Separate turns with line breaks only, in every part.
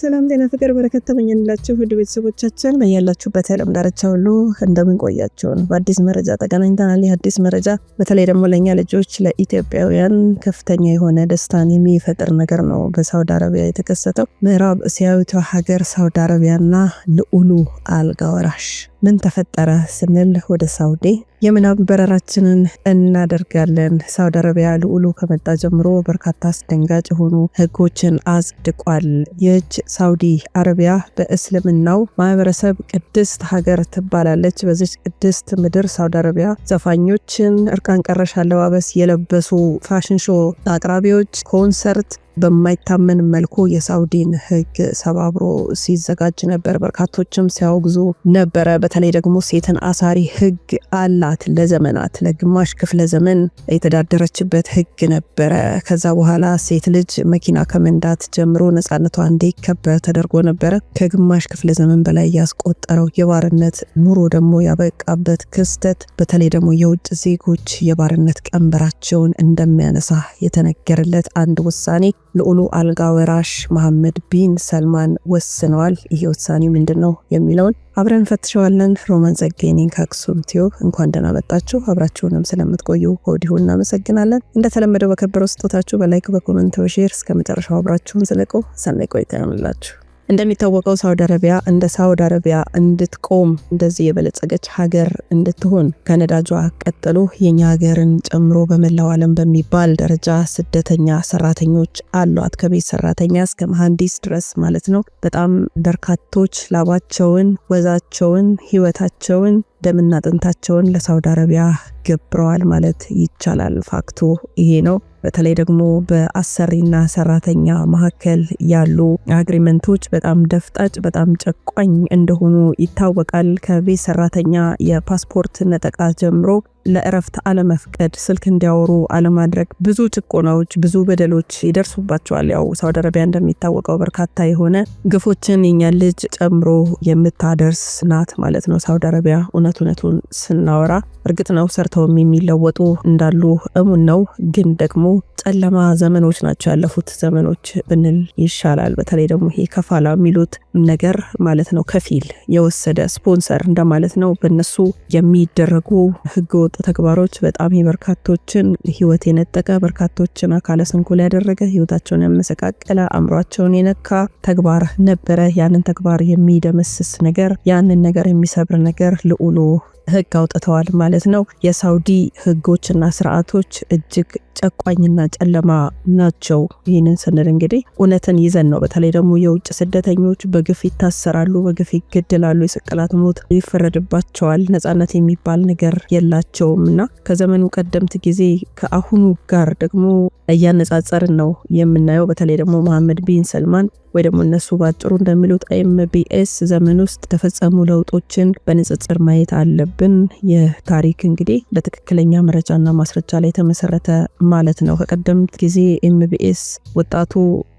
ሰላም ጤና ፍቅር በረከት ተመኘንላችሁ ውድ ቤተሰቦቻችን በያላችሁበት የዓለም ዳርቻ ሁሉ እንደምን በአዲስ መረጃ ተገናኝተናል። ይህ አዲስ መረጃ በተለይ ደግሞ ለእኛ ልጆች ለኢትዮጵያውያን ከፍተኛ የሆነ ደስታን የሚፈጥር ነገር ነው። በሳውዲ አረቢያ የተከሰተው ምዕራብ እስያዊቷ ሀገር ሳውዲ አረቢያና ልዑሉ አልጋ ወራሽ ምን ተፈጠረ ስንል ወደ ሳውዲ የምናብ በረራችንን እናደርጋለን። ሳውዲ አረቢያ ልዑሉ ከመጣ ጀምሮ በርካታ አስደንጋጭ የሆኑ ህጎችን አጽድቋል። ይህች ሳውዲ አረቢያ በእስልምናው ማህበረሰብ ቅድስት ሀገር ትባላለች። በዚች ቅድስት ምድር ሳውዲ አረቢያ ዘፋኞችን፣ እርቃን ቀረሽ አለባበስ የለበሱ ፋሽን ሾ አቅራቢዎች፣ ኮንሰርት በማይታመን መልኩ የሳውዲን ህግ ሰባብሮ ሲዘጋጅ ነበር። በርካቶችም ሲያወግዙ ነበረ። በተለይ ደግሞ ሴትን አሳሪ ህግ አላት። ለዘመናት ለግማሽ ክፍለ ዘመን የተዳደረችበት ህግ ነበረ። ከዛ በኋላ ሴት ልጅ መኪና ከመንዳት ጀምሮ ነፃነቷ እንዲከበር ተደርጎ ነበረ። ከግማሽ ክፍለ ዘመን በላይ ያስቆጠረው የባርነት ኑሮ ደግሞ ያበቃበት ክስተት በተለይ ደግሞ የውጭ ዜጎች የባርነት ቀንበራቸውን እንደሚያነሳ የተነገረለት አንድ ውሳኔ ልዑሉ አልጋ ወራሽ መሐመድ ቢን ሰልማን ወስነዋል። ይህ ውሳኔ ምንድን ነው የሚለውን አብረን ፈትሸዋለን። ሮማን ጸጋዬን ከአክሱም ቲዩብ እንኳን ደህና መጣችሁ። አብራችሁንም ስለምትቆዩ ከወዲሁ እናመሰግናለን። እንደተለመደው በከበረው ስጦታችሁ በላይክ በኮመንት በሼር እስከ መጨረሻው አብራችሁን ስለቆ ሰናይ ቆይታ ያምላችሁ። እንደሚታወቀው ሳውዲ አረቢያ እንደ ሳውዲ አረቢያ እንድትቆም እንደዚህ የበለጸገች ሀገር እንድትሆን ከነዳጇ ቀጥሎ የኛ ሀገርን ጨምሮ በመላው ዓለም በሚባል ደረጃ ስደተኛ ሰራተኞች አሏት። ከቤት ሰራተኛ እስከ መሐንዲስ ድረስ ማለት ነው። በጣም በርካቶች ላባቸውን፣ ወዛቸውን፣ ህይወታቸውን ደምና ጥንታቸውን ለሳውዲ አረቢያ ገብረዋል ማለት ይቻላል። ፋክቱ ይሄ ነው። በተለይ ደግሞ በአሰሪና ሰራተኛ መካከል ያሉ አግሪመንቶች በጣም ደፍጣጭ፣ በጣም ጨቋኝ እንደሆኑ ይታወቃል። ከቤት ሰራተኛ የፓስፖርት ነጠቃ ጀምሮ ለእረፍት አለመፍቀድ፣ ስልክ እንዲያወሩ አለማድረግ፣ ብዙ ጭቆናዎች፣ ብዙ በደሎች ይደርሱባቸዋል። ያው ሳውዲ አረቢያ እንደሚታወቀው በርካታ የሆነ ግፎችን የኛ ልጅ ጨምሮ የምታደርስ ናት ማለት ነው ሳውዲ አረቢያ። እውነት እውነቱን ስናወራ እርግጥ ነው ሰርተውም የሚለወጡ እንዳሉ እሙን ነው ግን ደግሞ ጨለማ ዘመኖች ናቸው ያለፉት ዘመኖች ብንል ይሻላል። በተለይ ደግሞ ይሄ ከፋላ የሚሉት ነገር ማለት ነው ከፊል የወሰደ ስፖንሰር እንደማለት ነው። በነሱ የሚደረጉ ህገወጥ ተግባሮች በጣም የበርካቶችን ህይወት የነጠቀ በርካቶችን አካለ ስንኩል ያደረገ ህይወታቸውን ያመሰቃቀለ አእምሯቸውን የነካ ተግባር ነበረ። ያንን ተግባር የሚደመስስ ነገር ያንን ነገር የሚሰብር ነገር ልዑሉ ህግ አውጥተዋል ማለት ነው። የሳውዲ ህጎችና ስርዓቶች እጅግ ጨቋኝና ጨለማ ናቸው። ይህንን ስንል እንግዲህ እውነትን ይዘን ነው። በተለይ ደግሞ የውጭ ስደተኞች በግፍ ይታሰራሉ፣ በግፍ ይገደላሉ፣ የስቅላት ሞት ይፈረድባቸዋል። ነጻነት የሚባል ነገር የላቸውም እና ከዘመኑ ቀደምት ጊዜ ከአሁኑ ጋር ደግሞ እያነጻጸርን ነው የምናየው። በተለይ ደግሞ መሐመድ ቢን ሰልማን ወይ ደግሞ እነሱ ባጭሩ እንደሚሉት ኤምቢኤስ ዘመን ውስጥ ተፈጸሙ ለውጦችን በንጽጽር ማየት አለብን። ይህ ታሪክ እንግዲህ በትክክለኛ መረጃና ማስረጃ ላይ የተመሰረተ ማለት ነው። ከቀደምት ጊዜ ኤምቢኤስ ወጣቱ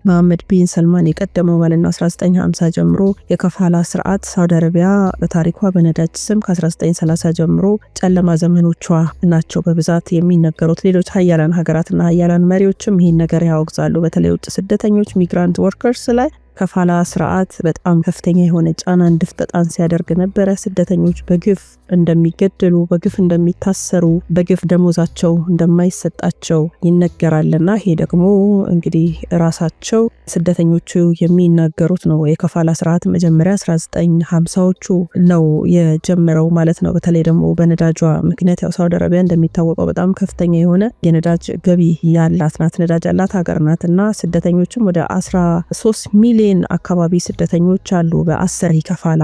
መሐመድ ቢን ሰልማን የቀደመው ባልና 1950 ጀምሮ የከፋላ ስርዓት ሳውዲ አረቢያ በታሪኳ በነዳጅ ስም ከ1930 ጀምሮ ጨለማ ዘመኖቿ ናቸው በብዛት የሚነገሩት። ሌሎች ሀያላን ሀገራትና ሀያላን መሪዎችም ይህን ነገር ያወግዛሉ። በተለይ ውጭ ስደተኞች ሚግራንት ወርከርስ ላይ ከፋላ ስርዓት በጣም ከፍተኛ የሆነ ጫና እንድፍጠጣን ሲያደርግ ነበረ። ስደተኞች በግፍ እንደሚገደሉ፣ በግፍ እንደሚታሰሩ፣ በግፍ ደሞዛቸው እንደማይሰጣቸው ይነገራልና ይሄ ደግሞ እንግዲህ ራሳቸው ስደተኞቹ የሚናገሩት ነው። የከፋላ ስርዓት መጀመሪያ 1950ዎቹ ነው የጀመረው ማለት ነው። በተለይ ደግሞ በነዳጇ ምክንያት ያው ሳውዲ አረቢያ እንደሚታወቀው በጣም ከፍተኛ የሆነ የነዳጅ ገቢ ያላት ናት፣ ነዳጅ ያላት ሀገር ናት እና ስደተኞችም ወደ 13 ሚሊዮን ሚሊዮን አካባቢ ስደተኞች አሉ። በአስር ይከፋላ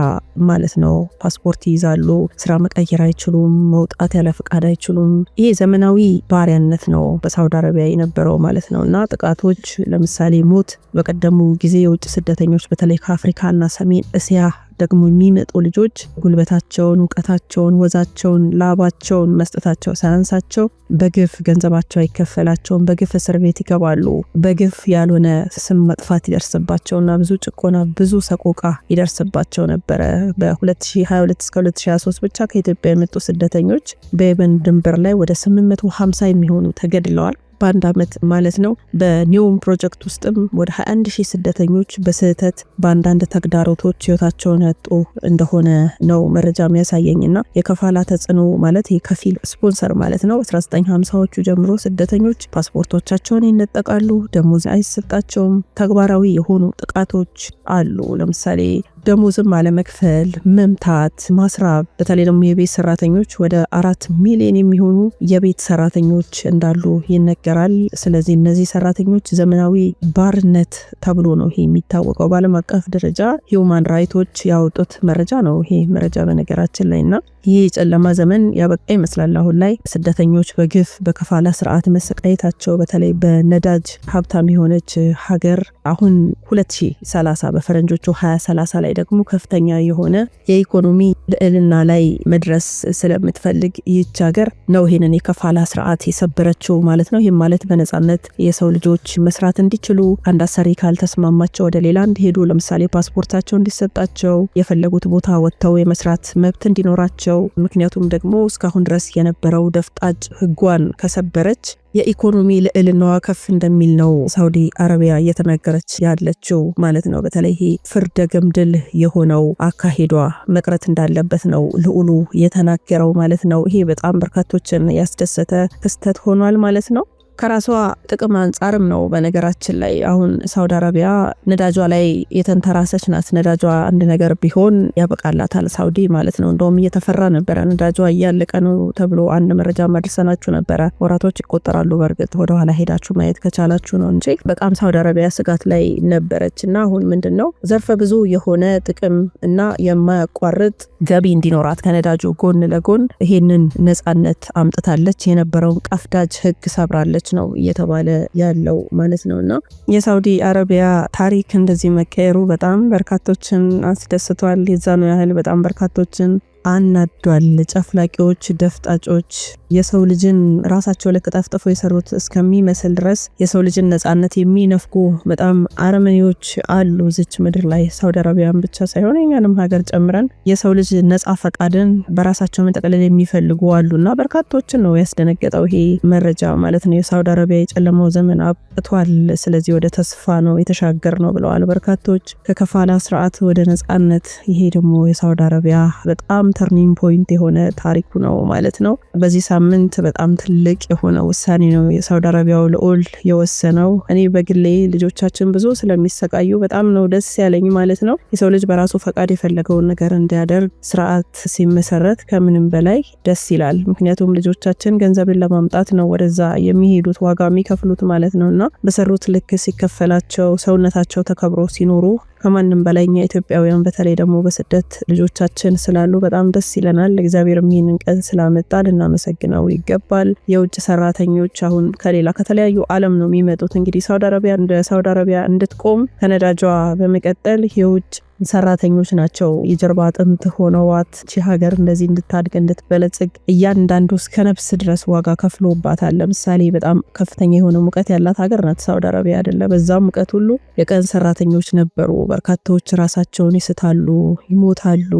ማለት ነው። ፓስፖርት ይይዛሉ፣ ስራ መቀየር አይችሉም፣ መውጣት ያለ ፍቃድ አይችሉም። ይሄ ዘመናዊ ባሪያነት ነው፣ በሳውዲ አረቢያ የነበረው ማለት ነው። እና ጥቃቶች ለምሳሌ ሞት፣ በቀደሙ ጊዜ የውጭ ስደተኞች በተለይ ከአፍሪካና ሰሜን እስያ ደግሞ የሚመጡ ልጆች ጉልበታቸውን፣ እውቀታቸውን፣ ወዛቸውን፣ ላባቸውን መስጠታቸው ሳያንሳቸው በግፍ ገንዘባቸው አይከፈላቸውም። በግፍ እስር ቤት ይገባሉ። በግፍ ያልሆነ ስም መጥፋት ይደርስባቸውና ብዙ ጭቆና፣ ብዙ ሰቆቃ ይደርስባቸው ነበረ። በ2022 እስከ 2023 ብቻ ከኢትዮጵያ የመጡ ስደተኞች በየመን ድንበር ላይ ወደ 850 የሚሆኑ ተገድለዋል። በአንድ ዓመት ማለት ነው። በኒውም ፕሮጀክት ውስጥም ወደ 21 ሺህ ስደተኞች በስህተት በአንዳንድ ተግዳሮቶች ህይወታቸውን ያጡ እንደሆነ ነው መረጃ የሚያሳየኝ እና የከፋላ ተጽዕኖ ማለት የከፊል ስፖንሰር ማለት ነው። 1950ዎቹ ጀምሮ ስደተኞች ፓስፖርቶቻቸውን ይነጠቃሉ፣ ደሞዝ አይሰጣቸውም። ተግባራዊ የሆኑ ጥቃቶች አሉ። ለምሳሌ ደሞዝም አለመክፈል፣ መምታት፣ ማስራብ በተለይ ደግሞ የቤት ሰራተኞች ወደ አራት ሚሊዮን የሚሆኑ የቤት ሰራተኞች እንዳሉ ይነገራል። ስለዚህ እነዚህ ሰራተኞች ዘመናዊ ባርነት ተብሎ ነው ይሄ የሚታወቀው። በዓለም አቀፍ ደረጃ ሂውማን ራይቶች ያወጡት መረጃ ነው ይሄ መረጃ በነገራችን ላይ እና ይህ የጨለማ ዘመን ያበቃ ይመስላል። አሁን ላይ ስደተኞች በግፍ በከፋላ ስርዓት መሰቃየታቸው በተለይ በነዳጅ ሀብታም የሆነች ሀገር አሁን 2030 በፈረንጆቹ 2030 ላይ ደግሞ ከፍተኛ የሆነ የኢኮኖሚ ልዕልና ላይ መድረስ ስለምትፈልግ ይች ሀገር ነው ይህንን የከፋላ ስርዓት የሰበረችው ማለት ነው። ይህም ማለት በነጻነት የሰው ልጆች መስራት እንዲችሉ አንድ አሰሪ ካልተስማማቸው ወደ ሌላ እንዲሄዱ ለምሳሌ ፓስፖርታቸው እንዲሰጣቸው የፈለጉት ቦታ ወጥተው የመስራት መብት እንዲኖራቸው ምክንያቱም ደግሞ እስካሁን ድረስ የነበረው ደፍጣጭ ህጓን ከሰበረች የኢኮኖሚ ልዕልናዋ ከፍ እንደሚል ነው ሳውዲ አረቢያ እየተናገረች ያለችው ማለት ነው። በተለይ ፍርደ ገምድል የሆነው አካሄዷ መቅረት እንዳለበት ነው ልዑሉ የተናገረው ማለት ነው። ይሄ በጣም በርካቶችን ያስደሰተ ክስተት ሆኗል ማለት ነው። ከራሷ ጥቅም አንጻርም ነው። በነገራችን ላይ አሁን ሳውዲ አረቢያ ነዳጇ ላይ የተንተራሰች ናት። ነዳጇ አንድ ነገር ቢሆን ያበቃላታል ሳውዲ ማለት ነው። እንደውም እየተፈራ ነበረ ነዳጇ እያለቀ ነው ተብሎ አንድ መረጃ ማድረሰናችሁ ነበረ። ወራቶች ይቆጠራሉ። በእርግጥ ወደኋላ ሄዳችሁ ማየት ከቻላችሁ ነው እንጂ በጣም ሳውዲ አረቢያ ስጋት ላይ ነበረች እና አሁን ምንድን ነው ዘርፈ ብዙ የሆነ ጥቅም እና የማያቋርጥ ገቢ እንዲኖራት ከነዳጁ ጎን ለጎን ይሄንን ነጻነት አምጥታለች። የነበረውን ቃፍዳጅ ህግ ሰብራለች። እየተሰራች ነው እየተባለ ያለው ማለት ነው። እና የሳውዲ አረቢያ ታሪክ እንደዚህ መቀየሩ በጣም በርካቶችን አስደስቷል። የዛኑ ያህል በጣም በርካቶችን አናዷል። ጨፍላቂዎች፣ ደፍጣጮች የሰው ልጅን ራሳቸው ለቀጣፍጥፈው የሰሩት እስከሚመስል ድረስ የሰው ልጅን ነጻነት የሚነፍጉ በጣም አረመኔዎች አሉ ዝች ምድር ላይ ሳውዲ አረቢያን ብቻ ሳይሆን የኛንም ሀገር ጨምረን የሰው ልጅ ነጻ ፈቃድን በራሳቸው መጠቅለል የሚፈልጉ አሉና በርካቶችን ነው ያስደነገጠው ይሄ መረጃ ማለት ነው። የሳውዲ አረቢያ የጨለማው ዘመን አብቅቷል፣ ስለዚህ ወደ ተስፋ ነው የተሻገር ነው ብለዋል በርካቶች ከከፋላ ስርዓት ወደ ነጻነት። ይሄ ደግሞ የሳውዲ አረቢያ በጣም ተርኒንግ ፖይንት የሆነ ታሪኩ ነው ማለት ነው። በዚህ ሳምንት በጣም ትልቅ የሆነ ውሳኔ ነው የሳውዲ አረቢያው ልዑል የወሰነው። እኔ በግሌ ልጆቻችን ብዙ ስለሚሰቃዩ በጣም ነው ደስ ያለኝ ማለት ነው። የሰው ልጅ በራሱ ፈቃድ የፈለገውን ነገር እንዲያደርግ ስርዓት ሲመሰረት ከምንም በላይ ደስ ይላል። ምክንያቱም ልጆቻችን ገንዘብን ለማምጣት ነው ወደዛ የሚሄዱት ዋጋ የሚከፍሉት ማለት ነው እና በሰሩት ልክ ሲከፈላቸው ሰውነታቸው ተከብሮ ሲኖሩ ከማንም በላይ እኛ ኢትዮጵያውያን በተለይ ደግሞ በስደት ልጆቻችን ስላሉ በጣም ደስ ይለናል። እግዚአብሔርም ይህንን ቀን ስላመጣ ልናመሰግነው ይገባል። የውጭ ሰራተኞች አሁን ከሌላ ከተለያዩ ዓለም ነው የሚመጡት። እንግዲህ ሳውዲ አረቢያ እንደ ሳውዲ አረቢያ እንድትቆም ከነዳጇ በመቀጠል የውጭ ሰራተኞች ናቸው የጀርባ አጥንት ሆነዋት ቺ ሀገር እንደዚህ እንድታድግ እንድትበለጽግ እያንዳንዱ እስከ ነፍስ ድረስ ዋጋ ከፍሎባታል። ለምሳሌ በጣም ከፍተኛ የሆነ ሙቀት ያላት ሀገር ናት ሳውዲ አረቢያ አይደለ? በዛ ሙቀት ሁሉ የቀን ሰራተኞች ነበሩ። በርካታዎች ራሳቸውን ይስታሉ፣ ይሞታሉ፣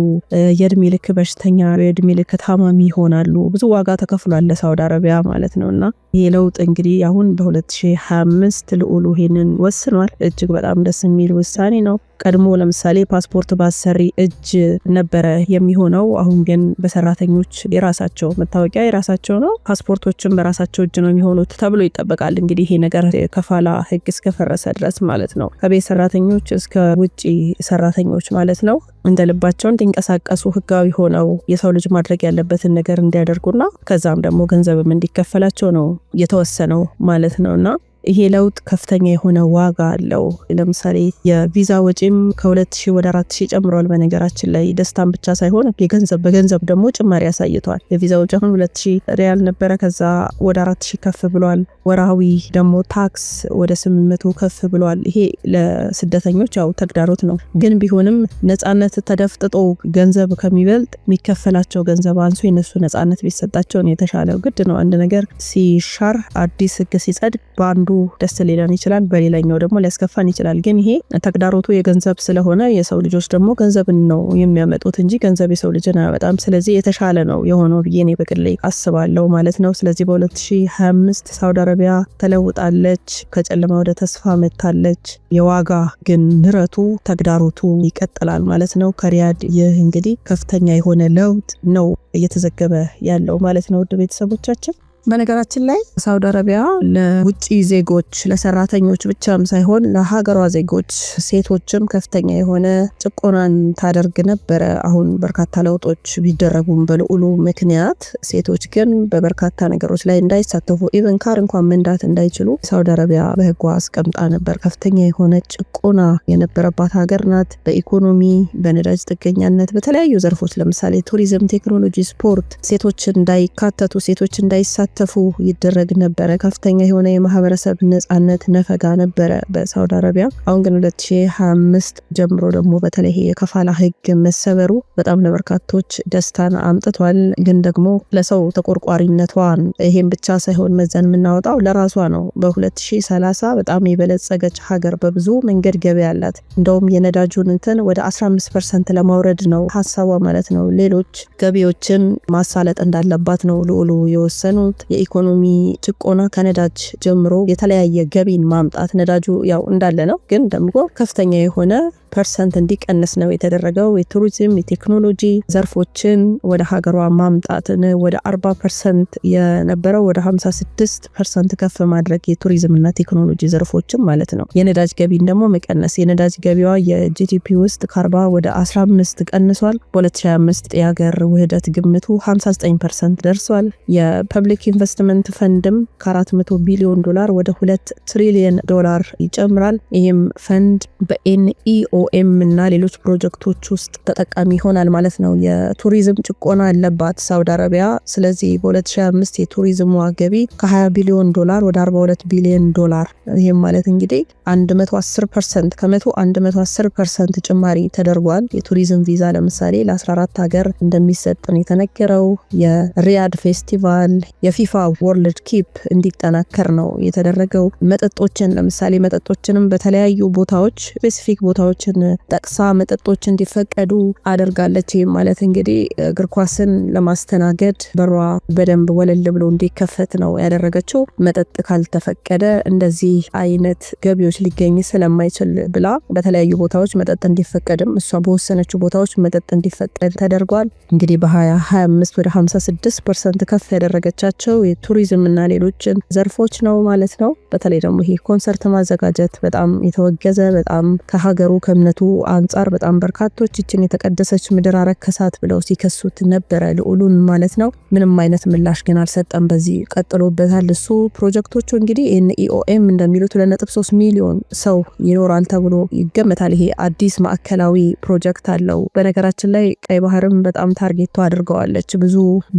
የእድሜ ልክ በሽተኛ፣ የእድሜ ልክ ታማሚ ይሆናሉ። ብዙ ዋጋ ተከፍሏል ለሳውዲ አረቢያ ማለት ነው እና ይህ ለውጥ እንግዲህ አሁን በ2025 ልዑሉ ይሄንን ወስኗል። እጅግ በጣም ደስ የሚል ውሳኔ ነው። ቀድሞ ለምሳሌ ፓስፖርት ባሰሪ እጅ ነበረ የሚሆነው። አሁን ግን በሰራተኞች የራሳቸው መታወቂያ የራሳቸው ነው፣ ፓስፖርቶችም በራሳቸው እጅ ነው የሚሆኑት ተብሎ ይጠበቃል። እንግዲህ ይሄ ነገር ከፋላ ህግ እስከፈረሰ ድረስ ማለት ነው። ከቤት ሰራተኞች እስከ ውጭ ሰራተኞች ማለት ነው። እንደ ልባቸው እንዲንቀሳቀሱ ህጋዊ ሆነው የሰው ልጅ ማድረግ ያለበትን ነገር እንዲያደርጉና ከዛም ደግሞ ገንዘብም እንዲከፈላቸው ነው የተወሰነው ማለት ነውና ይሄ ለውጥ ከፍተኛ የሆነ ዋጋ አለው። ለምሳሌ የቪዛ ወጪም ከ20 ወደ አራት ጨምሯል። በነገራችን ላይ ደስታን ብቻ ሳይሆን የገንዘብ በገንዘብ ደግሞ ጭማሪ አሳይቷል። የቪዛ ወጪ አሁን ሁለት ሪያል ነበረ፣ ከዛ ወደ አራት ከፍ ብሏል። ወርሃዊ ደግሞ ታክስ ወደ 800 ከፍ ብሏል። ይሄ ለስደተኞች ያው ተግዳሮት ነው። ግን ቢሆንም ነፃነት ተደፍጥጦ ገንዘብ ከሚበልጥ የሚከፈላቸው ገንዘብ አንሱ የነሱ ነጻነት ቢሰጣቸውን የተሻለው ግድ ነው። አንድ ነገር ሲሻር አዲስ ህግ ሲጸድቅ በአንዱ ደስ ሊለን ይችላል፣ በሌላኛው ደግሞ ሊያስከፋን ይችላል። ግን ይሄ ተግዳሮቱ የገንዘብ ስለሆነ የሰው ልጆች ደግሞ ገንዘብን ነው የሚያመጡት እንጂ ገንዘብ የሰው ልጅን አያመጣም። ስለዚህ የተሻለ ነው የሆነው ብዬ እኔ በግሌ አስባለሁ ማለት ነው። ስለዚህ በ2025 ሳውዲ አረቢያ ተለውጣለች፣ ከጨለማ ወደ ተስፋ መታለች። የዋጋ ግን ንረቱ ተግዳሮቱ ይቀጥላል ማለት ነው። ከሪያድ ይህ እንግዲህ ከፍተኛ የሆነ ለውጥ ነው እየተዘገበ ያለው ማለት ነው። ውድ ቤተሰቦቻችን በነገራችን ላይ ሳውዲ አረቢያ ለውጭ ዜጎች ለሰራተኞች ብቻም ሳይሆን ለሀገሯ ዜጎች ሴቶችም ከፍተኛ የሆነ ጭቆናን ታደርግ ነበረ። አሁን በርካታ ለውጦች ቢደረጉም በልዑሉ ምክንያት ሴቶች ግን በበርካታ ነገሮች ላይ እንዳይሳተፉ ኢቨን ካር እንኳን መንዳት እንዳይችሉ ሳውዲ አረቢያ በህጉ አስቀምጣ ነበር። ከፍተኛ የሆነ ጭቆና የነበረባት ሀገር ናት። በኢኮኖሚ በነዳጅ ጥገኛነት፣ በተለያዩ ዘርፎች ለምሳሌ ቱሪዝም፣ ቴክኖሎጂ፣ ስፖርት ሴቶች እንዳይካተቱ ሴቶች እንዳይሳ እንዲሳተፉ ይደረግ ነበረ። ከፍተኛ የሆነ የማህበረሰብ ነጻነት ነፈጋ ነበረ በሳውዲ አረቢያ። አሁን ግን 2025 ጀምሮ ደግሞ በተለይ የከፋላ ህግ መሰበሩ በጣም ለበርካቶች ደስታን አምጥቷል። ግን ደግሞ ለሰው ተቆርቋሪነቷን ይሄን ብቻ ሳይሆን መዘን የምናወጣው ለራሷ ነው። በ2030 በጣም የበለጸገች ሀገር በብዙ መንገድ ገቢ ያላት እንደውም የነዳጁን እንትን ወደ 15 ፐርሰንት ለማውረድ ነው ሀሳቧ ማለት ነው። ሌሎች ገቢዎችን ማሳለጥ እንዳለባት ነው ልዑሉ የወሰኑት። የኢኮኖሚ ጭቆና ከነዳጅ ጀምሮ የተለያየ ገቢን ማምጣት ነዳጁ ያው እንዳለ ነው፣ ግን ደግሞ ከፍተኛ የሆነ ፐርሰንት እንዲቀንስ ነው የተደረገው። የቱሪዝም የቴክኖሎጂ ዘርፎችን ወደ ሀገሯ ማምጣትን ወደ 40 ፐርሰንት የነበረው ወደ 56 ፐርሰንት ከፍ ማድረግ የቱሪዝምና ቴክኖሎጂ ዘርፎችን ማለት ነው። የነዳጅ ገቢን ደግሞ መቀነስ የነዳጅ ገቢዋ የጂዲፒ ውስጥ ከ40 ወደ 15 ቀንሷል። በ2025 የሀገር ውህደት ግምቱ 59 ፐርሰንት ደርሷል። የፐብሊክ ኢንቨስትመንት ፈንድም ከ400 ቢሊዮን ዶላር ወደ 2 ትሪሊየን ዶላር ይጨምራል። ይህም ፈንድ በኤንኢኦኤም እና ሌሎች ፕሮጀክቶች ውስጥ ተጠቃሚ ይሆናል ማለት ነው። የቱሪዝም ጭቆና ያለባት ሳውዲ አረቢያ ስለዚህ በ2025 የቱሪዝሟ ገቢ ከ20 ቢሊዮን ዶላር ወደ 42 ቢሊዮን ዶላር ይህም ማለት እንግዲህ 110 ፐርሰንት ከመቶ 110 ፐርሰንት ጭማሪ ተደርጓል። የቱሪዝም ቪዛ ለምሳሌ ለ14 ሀገር እንደሚሰጥ የተነገረው። የሪያድ ፌስቲቫል በፊፋ ወርልድ ኪፕ እንዲጠናከር ነው የተደረገው። መጠጦችን ለምሳሌ መጠጦችንም በተለያዩ ቦታዎች ስፔሲፊክ ቦታዎችን ጠቅሳ መጠጦች እንዲፈቀዱ አደርጋለች። ይህም ማለት እንግዲህ እግር ኳስን ለማስተናገድ በሯ በደንብ ወለል ብሎ እንዲከፈት ነው ያደረገችው። መጠጥ ካልተፈቀደ እንደዚህ አይነት ገቢዎች ሊገኝ ስለማይችል ብላ በተለያዩ ቦታዎች መጠጥ እንዲፈቀድም እሷ በወሰነችው ቦታዎች መጠጥ እንዲፈቀድ ተደርጓል። እንግዲህ በ2025 ወደ 56 ፐርሰንት ከፍ ያደረገቻቸው ያላቸው እና ሌሎችን ዘርፎች ነው ማለት ነው። በተለይ ደግሞ ይሄ ኮንሰርት ማዘጋጀት በጣም የተወገዘ በጣም ከሀገሩ ከእምነቱ አንጻር በጣም በርካቶች ይችን የተቀደሰች ምድር አረከሳት ብለው ሲከሱት ነበረ ልዑሉን ማለት ነው። ምንም አይነት ምላሽ ግን አልሰጠም። በዚህ ቀጥሎበታል። እሱ ፕሮጀክቶቹ እንግዲህ ኢኦኤም እንደሚሉት 3 ሚሊዮን ሰው ይኖራል ተብሎ ይገመታል። ይሄ አዲስ ማዕከላዊ ፕሮጀክት አለው። በነገራችን ላይ ቀይ ባህርም በጣም ታርጌቶ አድርገዋለች። ብዙ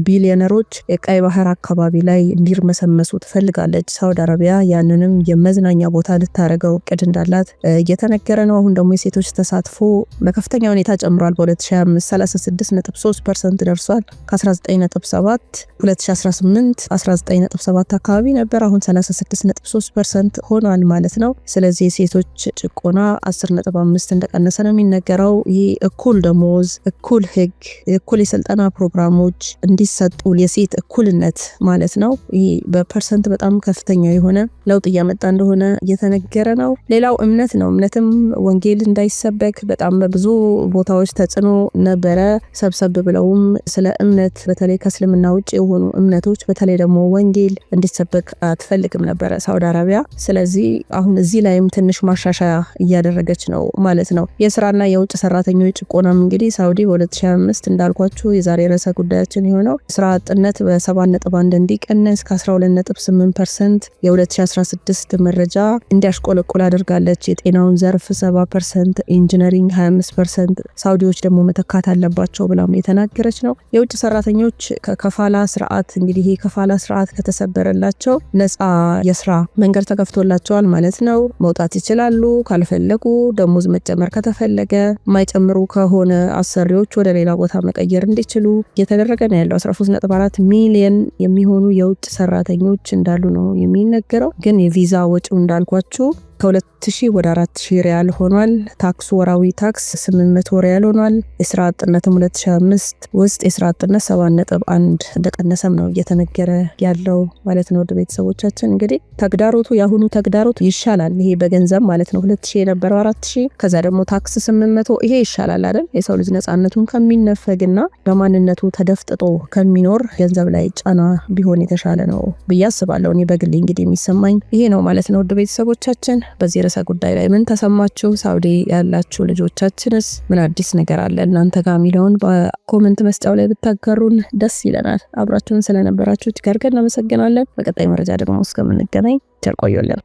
ቢሊዮነሮች የቀይ ባህር አካባቢ አካባቢ ላይ እንዲርመሰመሱ ትፈልጋለች። ሳውዲ አረቢያ ያንንም የመዝናኛ ቦታ ልታደረገው እቅድ እንዳላት እየተነገረ ነው። አሁን ደግሞ የሴቶች ተሳትፎ በከፍተኛ ሁኔታ ጨምሯል። በ2025 36.3 ፐርሰንት ደርሷል። ከ19.7 2018 19.7 አካባቢ ነበር። አሁን 36.3 ፐርሰንት ሆኗል ማለት ነው። ስለዚህ የሴቶች ጭቆና 10.5 እንደቀነሰ ነው የሚነገረው። ይህ እኩል ደሞዝ፣ እኩል ህግ፣ እኩል የስልጠና ፕሮግራሞች እንዲሰጡ የሴት እኩልነት ማለት ነው። ይሄ በፐርሰንት በጣም ከፍተኛ የሆነ ለውጥ እያመጣ እንደሆነ እየተነገረ ነው። ሌላው እምነት ነው። እምነትም ወንጌል እንዳይሰበክ በጣም በብዙ ቦታዎች ተጽዕኖ ነበረ። ሰብሰብ ብለውም ስለ እምነት በተለይ ከእስልምና ውጭ የሆኑ እምነቶች በተለይ ደግሞ ወንጌል እንዲሰበክ አትፈልግም ነበረ ሳውዲ አረቢያ። ስለዚህ አሁን እዚህ ላይም ትንሽ ማሻሻያ እያደረገች ነው ማለት ነው። የስራና የውጭ ሰራተኞች ጭቆናም እንግዲህ ሳውዲ በ2025 እንዳልኳችሁ የዛሬ ርዕሰ ጉዳያችን የሆነው ስራ አጥነት በሰባ ነጥብ እንዲቀንስ ከ12.8 ፐርሰንት የ2016 መረጃ እንዲያሽቆለቆል አድርጋለች። የጤናውን ዘርፍ 7 ፐርሰንት፣ ኢንጂነሪንግ 25 ፐርሰንት፣ ሳውዲዎች ደግሞ መተካት አለባቸው ብላም የተናገረች ነው። የውጭ ሰራተኞች ከከፋላ ስርዓት እንግዲህ ይሄ ከፋላ ስርዓት ከተሰበረላቸው ነፃ የስራ መንገድ ተከፍቶላቸዋል ማለት ነው። መውጣት ይችላሉ ካልፈለጉ። ደሞዝ መጨመር ከተፈለገ ማይጨምሩ ከሆነ አሰሪዎች ወደ ሌላ ቦታ መቀየር እንዲችሉ እየተደረገ ነው ያለው 13.4 ሚሊየን የሚ የሚሆኑ የውጭ ሰራተኞች እንዳሉ ነው የሚነገረው። ግን የቪዛ ወጪው እንዳልኳቸው ከ2000 ወደ 4000 ሪያል ሆኗል። ታክሱ ወራዊ ታክስ 800 ሪያል ሆኗል። የስራ አጥነትም 2005 ውስጥ የስራ አጥነት 7.1 እንደቀነሰም ነው እየተነገረ ያለው ማለት ነው። ቤተሰቦቻችን እንግዲህ ተግዳሮቱ የአሁኑ ተግዳሮት ይሻላል። ይሄ በገንዘብ ማለት ነው። 2000 የነበረው 4000፣ ከዛ ደግሞ ታክስ 800። ይሄ ይሻላል አይደል? የሰው ልጅ ነፃነቱን ከሚነፈግና በማንነቱ ተደፍጥጦ ከሚኖር ገንዘብ ላይ ጫና ቢሆን የተሻለ ነው ብዬ አስባለሁ። እኔ በግሌ እንግዲህ የሚሰማኝ ይሄ ነው ማለት ነው። ውድ ቤተሰቦቻችን በዚህ ርዕሰ ጉዳይ ላይ ምን ተሰማችሁ? ሳውዲ ያላችሁ ልጆቻችንስ ምን አዲስ ነገር አለ እናንተ ጋር የሚለውን በኮመንት መስጫው ላይ ብታጋሩን ደስ ይለናል። አብራችሁን ስለነበራችሁ ጋርገን እናመሰግናለን። በቀጣይ መረጃ ደግሞ እስከምንገናኝ ቸር ቆዩልን።